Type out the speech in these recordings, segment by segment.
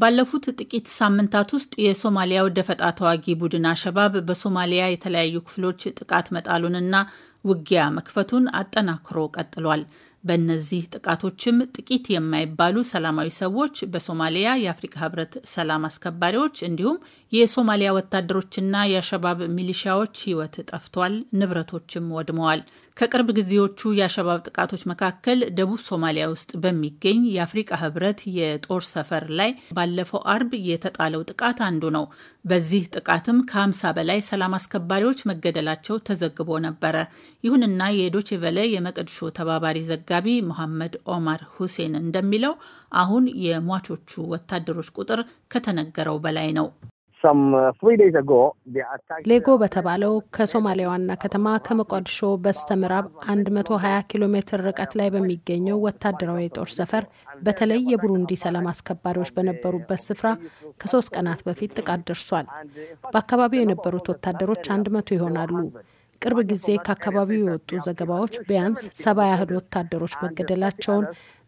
ባለፉት ጥቂት ሳምንታት ውስጥ የሶማሊያው ደፈጣ ተዋጊ ቡድን አሸባብ በሶማሊያ የተለያዩ ክፍሎች ጥቃት መጣሉንና ውጊያ መክፈቱን አጠናክሮ ቀጥሏል። በእነዚህ ጥቃቶችም ጥቂት የማይባሉ ሰላማዊ ሰዎች በሶማሊያ የአፍሪካ ህብረት ሰላም አስከባሪዎች እንዲሁም የሶማሊያ ወታደሮችና የአሸባብ ሚሊሻዎች ህይወት ጠፍቷል፣ ንብረቶችም ወድመዋል። ከቅርብ ጊዜዎቹ የአሸባብ ጥቃቶች መካከል ደቡብ ሶማሊያ ውስጥ በሚገኝ የአፍሪቃ ህብረት የጦር ሰፈር ላይ ባለፈው አርብ የተጣለው ጥቃት አንዱ ነው። በዚህ ጥቃትም ከ50 በላይ ሰላም አስከባሪዎች መገደላቸው ተዘግቦ ነበረ። ይሁንና የዶቼ ቬለ የመቀድሾ ተባባሪ ዘጋ ዘጋቢ መሐመድ ኦማር ሁሴን እንደሚለው አሁን የሟቾቹ ወታደሮች ቁጥር ከተነገረው በላይ ነው። uh, ሌጎ በተባለው ከሶማሊያዋና ዋና ከተማ ከሞቃዲሾ በስተ ምዕራብ 120 ኪሎ ሜትር ርቀት ላይ በሚገኘው ወታደራዊ የጦር ሰፈር በተለይ የቡሩንዲ ሰላም አስከባሪዎች በነበሩበት ስፍራ ከሶስት ቀናት በፊት ጥቃት ደርሷል። በአካባቢው የነበሩት ወታደሮች 100 ይሆናሉ። ቅርብ ጊዜ ከአካባቢው የወጡ ዘገባዎች ቢያንስ ሰባ ያህል ወታደሮች መገደላቸውን፣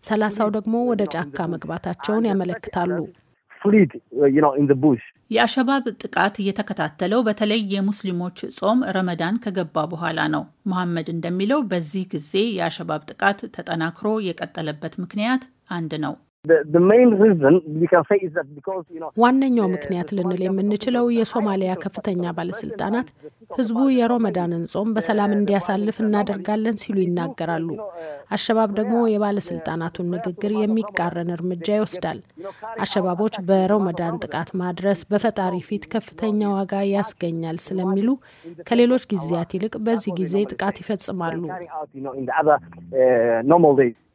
ሰላሳው ደግሞ ወደ ጫካ መግባታቸውን ያመለክታሉ። የአሸባብ ጥቃት እየተከታተለው በተለይ የሙስሊሞች ጾም ረመዳን ከገባ በኋላ ነው። መሐመድ እንደሚለው በዚህ ጊዜ የአሸባብ ጥቃት ተጠናክሮ የቀጠለበት ምክንያት አንድ ነው። ዋነኛው ምክንያት ልንል የምንችለው የሶማሊያ ከፍተኛ ባለስልጣናት ህዝቡ የሮመዳንን ጾም በሰላም እንዲያሳልፍ እናደርጋለን ሲሉ ይናገራሉ። uh, አሸባብ ደግሞ የባለስልጣናቱን ንግግር የሚቃረን እርምጃ ይወስዳል። አሸባቦች በሮመዳን ጥቃት ማድረስ በፈጣሪ ፊት ከፍተኛ ዋጋ ያስገኛል ስለሚሉ ከሌሎች ጊዜያት ይልቅ በዚህ ጊዜ ጥቃት ይፈጽማሉ። uh,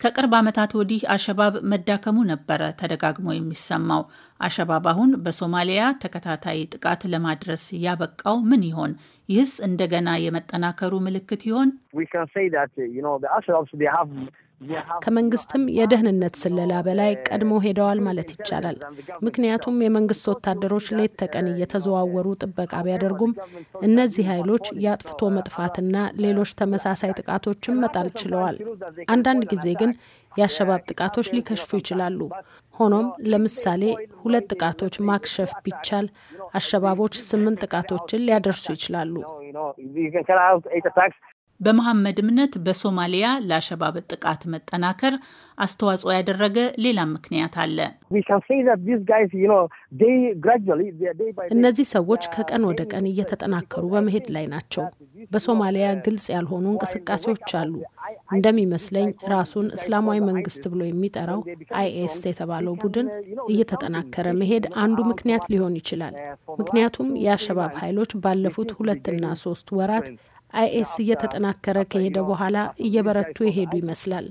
ከቅርብ ዓመታት ወዲህ አሸባብ መዳከሙ ነበረ ተደጋግሞ የሚሰማው። አሸባብ አሁን በሶማሊያ ተከታታይ ጥቃት ለማድረስ ያበቃው ምን ይሆን? ይህስ እንደገና የመጠናከሩ ምልክት ይሆን? ከመንግስትም የደህንነት ስለላ በላይ ቀድሞ ሄደዋል ማለት ይቻላል። ምክንያቱም የመንግስት ወታደሮች ሌት ተቀን እየተዘዋወሩ ጥበቃ ቢያደርጉም እነዚህ ኃይሎች የአጥፍቶ መጥፋትና ሌሎች ተመሳሳይ ጥቃቶችን መጣል ችለዋል። አንዳንድ ጊዜ ግን የአሸባብ ጥቃቶች ሊከሽፉ ይችላሉ። ሆኖም ለምሳሌ ሁለት ጥቃቶች ማክሸፍ ቢቻል አሸባቦች ስምንት ጥቃቶችን ሊያደርሱ ይችላሉ። በመሐመድ እምነት በሶማሊያ ለአሸባብ ጥቃት መጠናከር አስተዋጽኦ ያደረገ ሌላም ምክንያት አለ። እነዚህ ሰዎች ከቀን ወደ ቀን እየተጠናከሩ በመሄድ ላይ ናቸው። በሶማሊያ ግልጽ ያልሆኑ እንቅስቃሴዎች አሉ። እንደሚመስለኝ ራሱን እስላማዊ መንግስት ብሎ የሚጠራው አይኤስ የተባለው ቡድን እየተጠናከረ መሄድ አንዱ ምክንያት ሊሆን ይችላል። ምክንያቱም የአሸባብ ኃይሎች ባለፉት ሁለትና ሶስት ወራት አይኤስ እየተጠናከረ ከሄደ በኋላ እየበረቱ የሄዱ ይመስላል።